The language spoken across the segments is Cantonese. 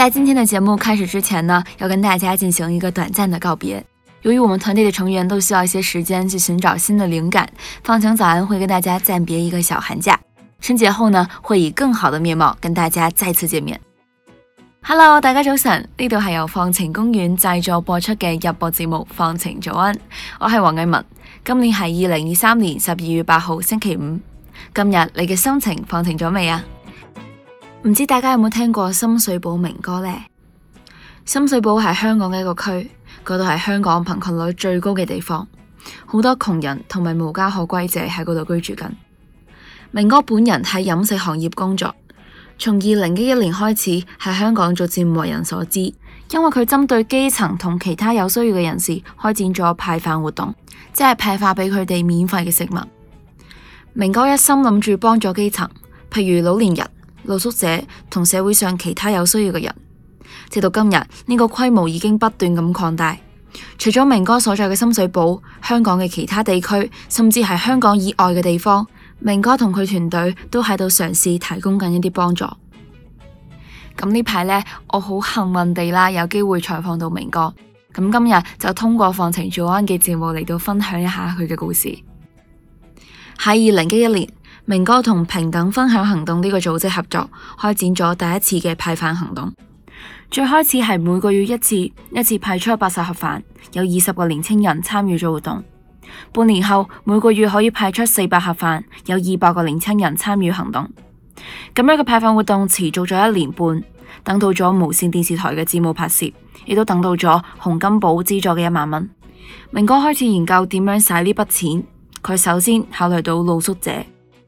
在今天的節目開始之前呢，要跟大家進行一個短暫的告別。由於我們團隊的成員都需要一些時間去尋找新的靈感，放晴早安會跟大家暫別一個小寒假，春節後呢會以更好的面貌跟大家再次見面。Hello，大家早晨。呢度係由放晴公園製作播出嘅日播節目《放晴早安》，我係王藝雯。今年係二零二三年十二月八號星期五，今日你嘅心情放晴咗未啊？唔知大家有冇聽過深水埗明哥呢？深水埗係香港嘅一個區，嗰度係香港貧困率最高嘅地方，好多窮人同埋無家可歸者喺嗰度居住緊。明哥本人喺飲食行業工作，從二零一一年開始喺香港逐漸為人所知，因為佢針對基層同其他有需要嘅人士開展咗派飯活動，即係派發俾佢哋免費嘅食物。明哥一心諗住幫助基層，譬如老年人。露宿者同社會上其他有需要嘅人，直到今日呢個規模已經不斷咁擴大。除咗明哥所在嘅深水埗，香港嘅其他地區，甚至係香港以外嘅地方，明哥同佢團隊都喺度嘗試提供緊一啲幫助。咁呢排呢，我好幸運地啦，有機會採訪到明哥。咁今日就通過《放晴早安》嘅節目嚟到分享一下佢嘅故事。喺二零一一年，明哥同平等分享行動呢個組織合作，開展咗第一次嘅派飯行動。最開始係每個月一次，一次派出八十盒飯，有二十個年青人參與咗活動。半年後，每個月可以派出四百盒飯，有二百個年青人參與行動。咁樣嘅派飯活動持續咗一年半，等到咗無綫電視台嘅節目拍攝，亦都等到咗洪金寶資助嘅一萬蚊。明哥開始研究點樣使呢筆錢。佢首先考慮到露宿者。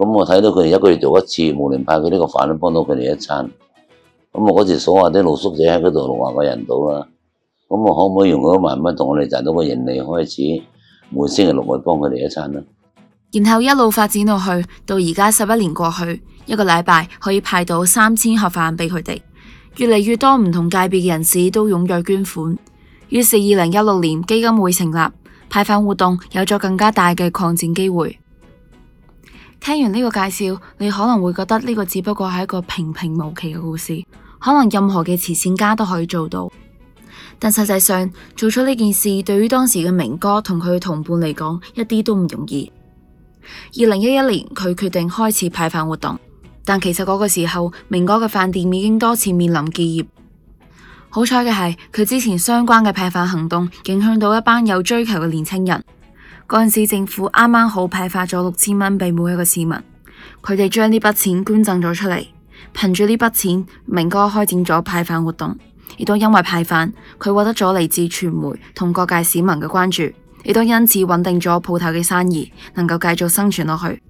咁我睇到佢哋一個月做一次，無論派幾多個飯都幫到佢哋一餐。咁我嗰時所話啲露宿者喺嗰度六萬個人度啦，咁我可唔可以用嗰一萬蚊同我哋賺到個盈利開始，每星期六去幫佢哋一餐啦。然後一路發展落去，到而家十一年過去，一個禮拜可以派到三千盒飯俾佢哋，越嚟越多唔同界別嘅人士都踊躍捐款。於是二零一六年基金會成立，派飯活動有咗更加大嘅擴展機會。聽完呢個介紹，你可能會覺得呢個只不過係一個平平無奇嘅故事，可能任何嘅慈善家都可以做到。但實際上，做出呢件事對於當時嘅明哥同佢嘅同伴嚟講，一啲都唔容易。二零一一年，佢決定開始派飯活動，但其實嗰個時候，明哥嘅飯店已經多次面臨結業。好彩嘅係，佢之前相關嘅派飯行動，影響到一班有追求嘅年輕人。嗰陣時政府啱啱好派發咗六千蚊俾每一個市民，佢哋將呢筆錢捐贈咗出嚟，憑住呢筆錢，明哥開展咗派飯活動，亦都因為派飯，佢獲得咗嚟自傳媒同各界市民嘅關注，亦都因此穩定咗鋪頭嘅生意，能夠繼續生存落去。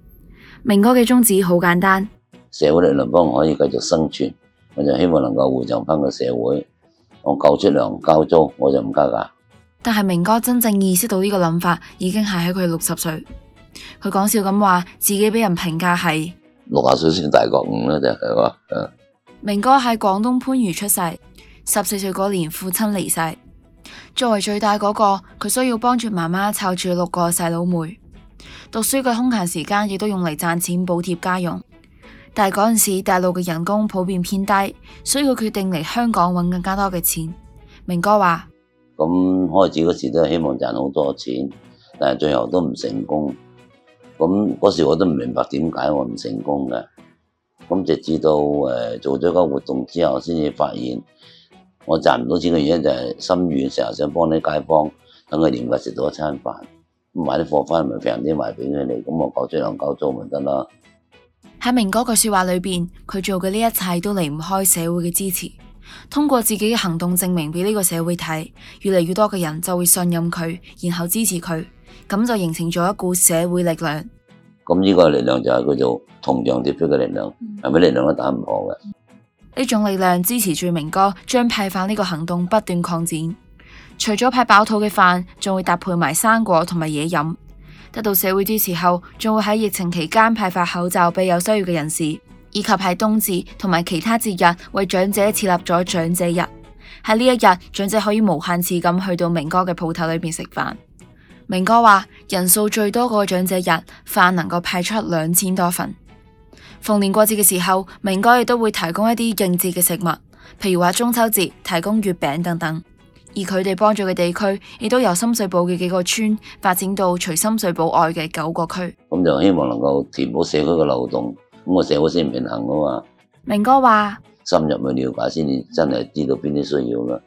明哥嘅宗旨好簡單，社會力量幫我，可以繼續生存，我就希望能夠回贈翻個社會。我夠出糧交租，我就唔加價。但係明哥真正意識到呢個諗法，已經係喺佢六十歲。佢講笑咁話，自己俾人評價係六廿歲先大過五。明哥喺廣東番禺出世，十四歲嗰年父親離世，作為最大嗰個，佢需要幫住媽媽湊住六個細佬妹、妹。讀書嘅空閒時間亦都用嚟賺錢補貼家用。但係嗰陣時大陸嘅人工普遍偏低，所以佢決定嚟香港揾更加多嘅錢。明哥話。咁開始嗰時都係希望賺好多錢，但係最後都唔成功。咁嗰時我都唔明白點解我唔成功嘅。咁直至到誒、呃、做咗個活動之後，先至發現我賺唔到錢嘅原因就係心軟，成日想幫啲街坊，等佢連埋食到一餐飯，買啲貨翻嚟平啲賣俾佢哋，咁我交租兩交租咪得咯。喺明哥句說話裏邊，佢做嘅呢一切都離唔開社會嘅支持。通過自己嘅行動證明俾呢個社會睇，越嚟越多嘅人就會信任佢，然後支持佢，咁就形成咗一股社會力量。咁呢個力量就係叫做同樣接出嘅力量，係咩、嗯、力量都打唔好嘅。呢、嗯、種力量支持住明哥將派飯呢個行動不斷擴展，除咗派飽肚嘅飯，仲會搭配埋生果同埋嘢飲。得到社會支持後，仲會喺疫情期間派發口罩俾有需要嘅人士。以及喺冬至同埋其他節日，為長者設立咗長者日。喺呢一日，長者可以無限次咁去到明哥嘅鋪頭裏邊食飯。明哥話人數最多嗰個長者日，飯能夠派出兩千多份。逢年過節嘅時候，明哥亦都會提供一啲應節嘅食物，譬如話中秋節提供月餅等等。而佢哋幫助嘅地區，亦都由深水埗嘅幾個村發展到除深水埗外嘅九個區。咁就希望能夠填補社區嘅漏洞。咁我社會先唔平衡噶嘛？明哥話深入去了解先至真係知道邊啲需要啦。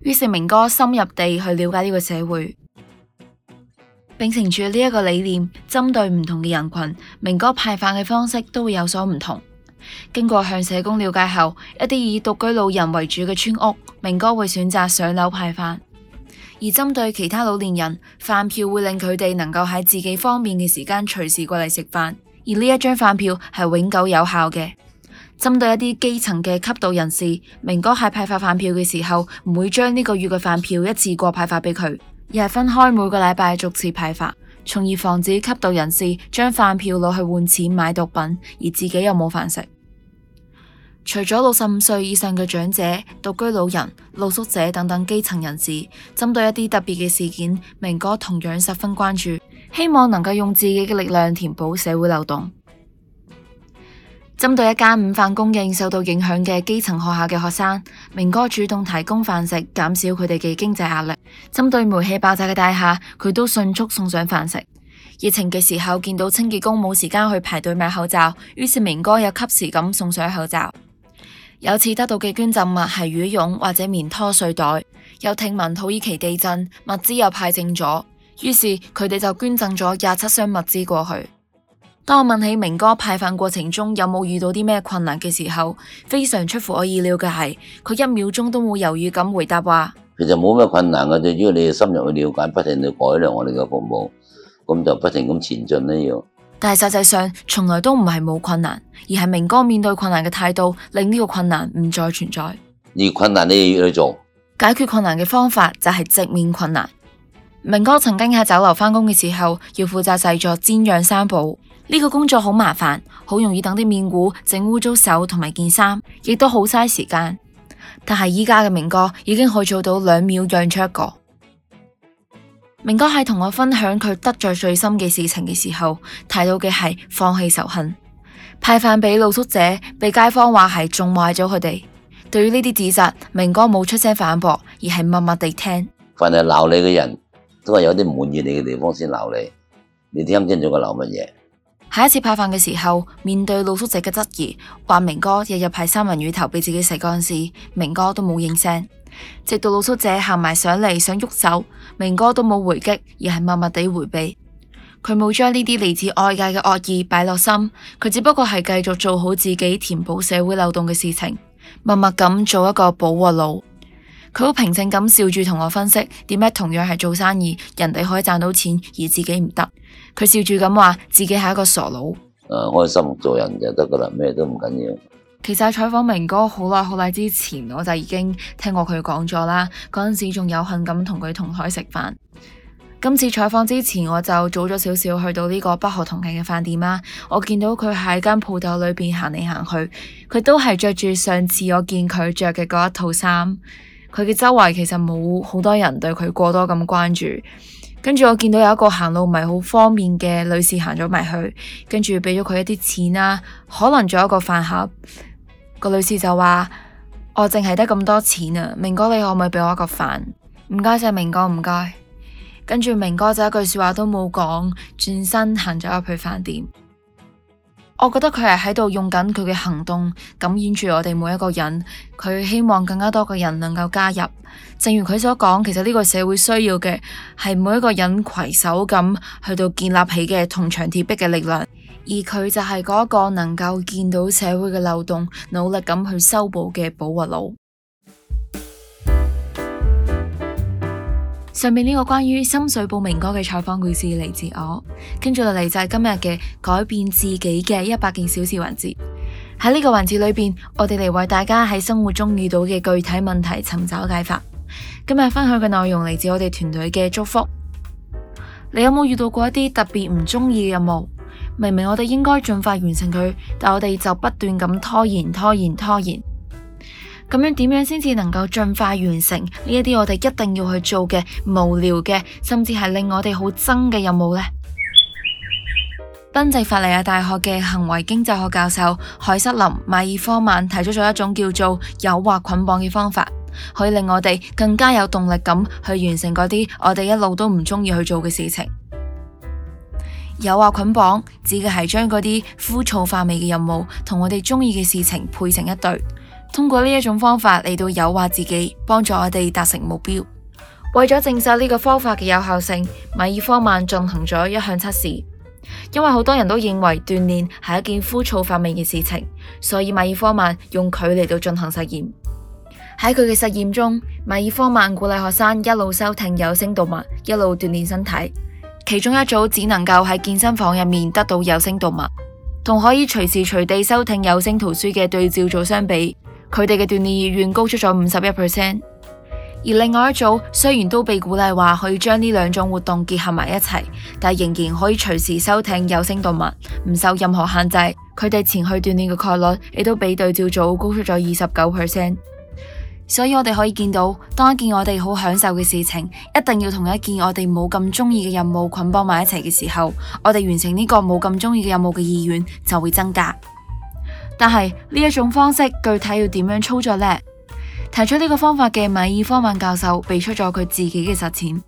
於是明哥深入地去了解呢個社會，秉承住呢一個理念，針對唔同嘅人群，明哥派飯嘅方式都會有所唔同。經過向社工了解後，一啲以獨居老人為主嘅村屋，明哥會選擇上樓派飯；而針對其他老年人，飯票會令佢哋能夠喺自己方便嘅時間，隨時過嚟食飯。而呢一張飯票係永久有效嘅。針對一啲基層嘅吸毒人士，明哥喺派發飯票嘅時候，唔會將呢個月嘅飯票一次過派發俾佢，而係分開每個禮拜逐次派發，從而防止吸毒人士將飯票攞去換錢買毒品，而自己又冇飯食。除咗六十五歲以上嘅長者、獨居老人、露宿者等等基層人士，針對一啲特別嘅事件，明哥同樣十分關注。希望能夠用自己嘅力量填補社會漏洞。針對一間午飯供應受到影響嘅基層學校嘅學生，明哥主動提供飯食，減少佢哋嘅經濟壓力。針對煤氣爆炸嘅大廈，佢都迅速送上飯食。疫情嘅時候，見到清潔工冇時間去排隊買口罩，於是明哥又及時咁送上口罩。有次得到嘅捐贈物係羽絨或者棉拖睡袋，又聽聞土耳其地震，物資又派正咗。於是佢哋就捐贈咗廿七箱物資過去。當我問起明哥派飯過程中有冇遇到啲咩困難嘅時候，非常出乎我意料嘅係，佢一秒鐘都冇猶豫咁回答話：其實冇咩困難嘅，就只要你深入去了解，不停去改良我哋嘅服務，咁就不停咁前進啦。要。但係實際上從來都唔係冇困難，而係明哥面對困難嘅態度令呢個困難唔再存在。而困難呢，要嚟做解決困難嘅方法就係直面困難。明哥曾經喺酒樓返工嘅時候，要負責製作煎釀三寶，呢個工作好麻煩，好容易等啲麵糊整污糟手同埋件衫，亦都好嘥時間。但係依家嘅明哥已經可以做到兩秒釀出一個。明哥喺同我分享佢得罪最深嘅事情嘅時候，提到嘅係放棄仇恨，派飯俾露宿者，被街坊話係縱壞咗佢哋。對於呢啲指責，明哥冇出聲反駁，而係默默地聽。凡係鬧你嘅人，都係有啲唔滿意你嘅地方先鬧你，你聽清咗佢鬧乜嘢？下一次派飯嘅時候，面對露宿者嘅質疑，話明哥日日派三文魚頭俾自己食嗰陣時，明哥都冇應聲。直到露宿者行埋上嚟想喐手，明哥都冇回擊，而係默默地迴避。佢冇將呢啲嚟自外界嘅惡意擺落心，佢只不過係繼續做好自己填補社會漏洞嘅事情，默默咁做一個補鑊佬。佢好平靜咁笑住同我分析點解同樣係做生意，人哋可以賺到錢，而自己唔得。佢笑住咁話自己係一個傻佬。誒、啊，開心做人就得噶啦，咩都唔緊要。其實採訪明哥好耐好耐之前，我就已經聽過佢講咗啦。嗰陣時仲有幸咁同佢同台食飯。今次採訪之前，我就早咗少少去到呢個北河同慶嘅飯店啦。我見到佢喺間鋪頭裏邊行嚟行去，佢都係着住上次我見佢着嘅嗰一套衫。佢嘅周圍其實冇好多人對佢過多咁關注，跟住我見到有一個行路唔係好方便嘅女士行咗埋去，跟住俾咗佢一啲錢啦，可能仲有一個飯盒。個女士就話：我淨係得咁多錢啊，明哥你可唔可以俾我一個飯？唔該晒明哥，唔該。跟住明哥就一句說話都冇講，轉身行咗入去飯店。我覺得佢係喺度用緊佢嘅行動感染住我哋每一個人，佢希望更加多嘅人能夠加入。正如佢所講，其實呢個社會需要嘅係每一個人攜手咁去到建立起嘅銅牆鐵壁嘅力量，而佢就係嗰一個能夠見到社會嘅漏洞，努力咁去修補嘅補鑊佬。上面呢個關於深水埗明哥嘅採訪故事嚟自我，跟住落嚟就係今日嘅改變自己嘅一百件小事環節。喺呢個環節裏邊，我哋嚟為大家喺生活中遇到嘅具體問題尋找解法。今日分享嘅內容嚟自我哋團隊嘅祝福。你有冇遇到過一啲特別唔鍾意嘅任務？明明我哋應該盡快完成佢，但我哋就不斷咁拖延、拖延、拖延。咁樣點樣先至能夠盡快完成呢一啲我哋一定要去做嘅無聊嘅，甚至係令我哋好憎嘅任務呢？賓夕 法尼亞大學嘅行為經濟學教授凱瑟琳·米爾科曼提出咗一種叫做誘惑捆綁嘅方法，可以令我哋更加有動力咁去完成嗰啲我哋一路都唔中意去做嘅事情。誘惑捆綁指嘅係將嗰啲枯燥乏味嘅任務同我哋中意嘅事情配成一對。通過呢一種方法嚟到誘惑自己，幫助我哋達成目標。為咗證實呢個方法嘅有效性，米爾科曼進行咗一項測試。因為好多人都認為鍛煉係一件枯燥乏味嘅事情，所以米爾科曼用佢嚟到進行實驗。喺佢嘅實驗中，米爾科曼鼓勵學生一路收聽有聲讀物，一路鍛煉身體。其中一組只能夠喺健身房入面得到有聲讀物，同可以隨時隨地收聽有聲圖書嘅對照組相比。佢哋嘅鍛煉意願高出咗五十一 percent，而另外一組雖然都被鼓勵話可以將呢兩種活動結合埋一齊，但仍然可以隨時收聽有聲動物，唔受任何限制。佢哋前去鍛煉嘅概率亦都比對照組高出咗二十九 percent。所以我哋可以見到，當一件我哋好享受嘅事情一定要同一件我哋冇咁中意嘅任務捆綁埋一齊嘅時候，我哋完成呢個冇咁中意嘅任務嘅意願就會增加。但係呢一種方式具體要點樣操作呢？提出呢個方法嘅米爾科曼教授，俾出咗佢自己嘅實踐。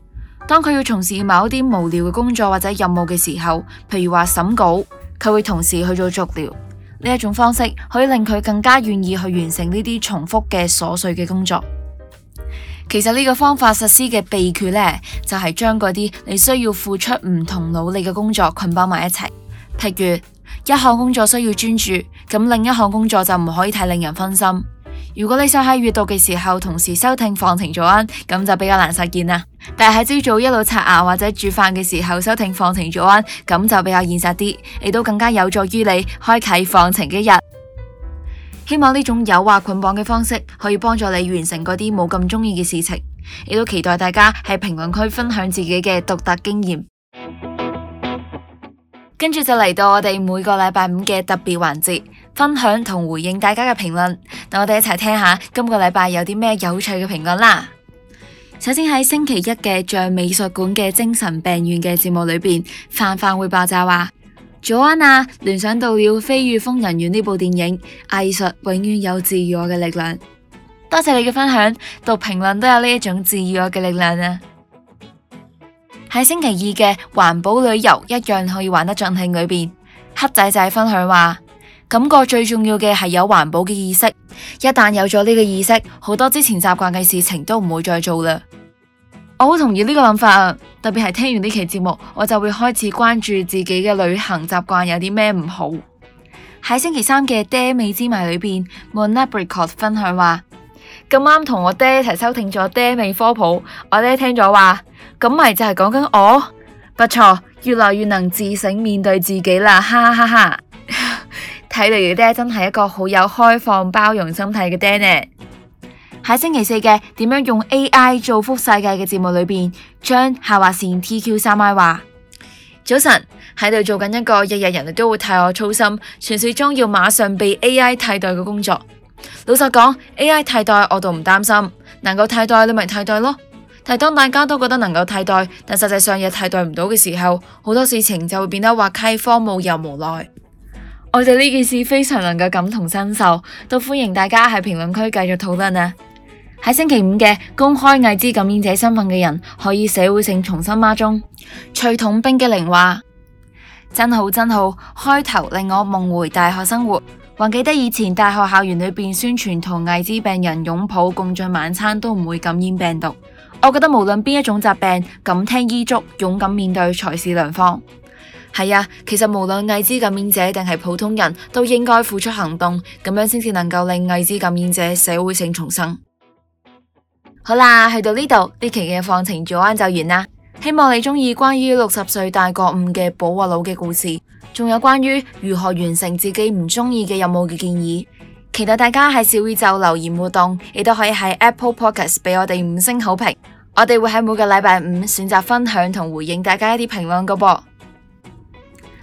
當佢要從事某啲無聊嘅工作或者任務嘅時候，譬如話審稿，佢會同時去做足療。呢一種方式可以令佢更加願意去完成呢啲重複嘅瑣碎嘅工作。其實呢個方法實施嘅秘訣呢，就係將嗰啲你需要付出唔同努力嘅工作捆綁埋一齊，譬如一項工作需要專注。咁另一項工作就唔可以太令人分心。如果你想喺閱讀嘅時候同時收聽放晴早安，咁就比較難實現啦。但係喺朝早一路刷牙或者煮飯嘅時候收聽放晴早安，咁就比較現實啲，亦都更加有助於你開啟放晴嘅日。希望呢種誘惑捆綁嘅方式可以幫助你完成嗰啲冇咁中意嘅事情，亦都期待大家喺評論區分享自己嘅獨特經驗。跟住就嚟到我哋每個禮拜五嘅特別環節，分享同回應大家嘅評論。嗱，我哋一齊聽下今個禮拜有啲咩有趣嘅評論啦。首先喺星期一嘅像美術館嘅精神病院嘅節目裏邊，范范會爆炸話：早安啊，聯想到了《飛越瘋人院》呢部電影，藝術永遠有治愈我嘅力量。多謝你嘅分享，讀評論都有呢一種治愈我嘅力量啊！喺星期二嘅環保旅遊一樣可以玩得盡興裡面。裏邊黑仔仔分享話，感覺最重要嘅係有環保嘅意識。一旦有咗呢個意識，好多之前習慣嘅事情都唔會再做啦。我好同意呢個諗法啊！特別係聽完呢期節目，我就會開始關注自己嘅旅行習慣有啲咩唔好。喺星期三嘅爹味芝麻裏邊，Mona Bricot 分享話，咁啱同我爹一齊收聽咗爹味科普，我爹聽咗話。咁咪就係講緊我，不錯，越 來越能自省，面對自己啦，哈哈哈！睇嚟爹真係一個好有開放包容心態嘅爹呢。喺 星期四嘅點樣用 AI 造福世界嘅節目裏邊，將下劃線 TQ3I 話：早晨喺度做緊一個日日人都會替我操心，傳說中要馬上被 AI 替代嘅工作。老實講，AI 替代我都唔擔心，能夠替代你咪替代咯。但當大家都覺得能夠替代，但實際上又替代唔到嘅時候，好多事情就會變得滑稽、荒謬又無奈。 我哋呢件事非常能夠感同身受，都歡迎大家喺評論區繼續討論啊！喺 星期五嘅公開艾滋感染者身份嘅人可以社會性重新孖中。脆筒冰激凌話：真好真好，開頭令我夢回大學生活，還記得以前大學校園裏邊宣傳同艾滋病人擁抱共進晚餐都唔會感染病毒。我覺得無論邊一種疾病，敢聽醫囑、勇敢面對才是良方。係啊，其實無論艾滋感染者定係普通人，都應該付出行動，咁樣先至能夠令艾滋感染者社會性重生。好啦，去到呢度，呢期嘅放晴早安就完啦。希望你中意關於六十歲大覺悟嘅補鑊佬嘅故事，仲有關於如何完成自己唔中意嘅任務嘅建議。期待大家喺小宇宙留言互動，亦都可以喺 Apple Podcast 俾我哋五星好評。我哋會喺每個禮拜五選擇分享同回應大家一啲評論嘅噃。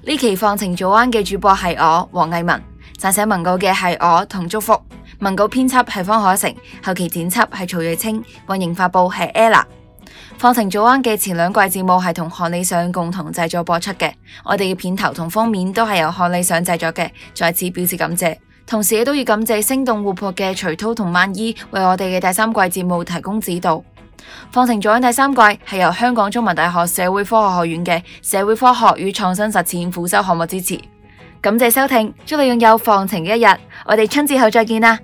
呢期《放晴早安》嘅主播係我王藝雯，撰寫文稿嘅係我同祝福，文稿編輯係方可成，後期剪輯係曹睿清，運營發布係 Ella。《放晴早安》嘅前兩季節目係同看理想共同製作播出嘅，我哋嘅片頭同封面都係由看理想製作嘅，在此表示感謝。同時，亦都要感謝聲動活潑嘅徐濤同萬依為我哋嘅第三季節目提供指導。放晴早安嘅第三季係由香港中文大學社會科學學院嘅社會科學與創新實踐輔修項目支持。感謝收聽，祝你擁有放晴嘅一日，我哋春節後再見啦！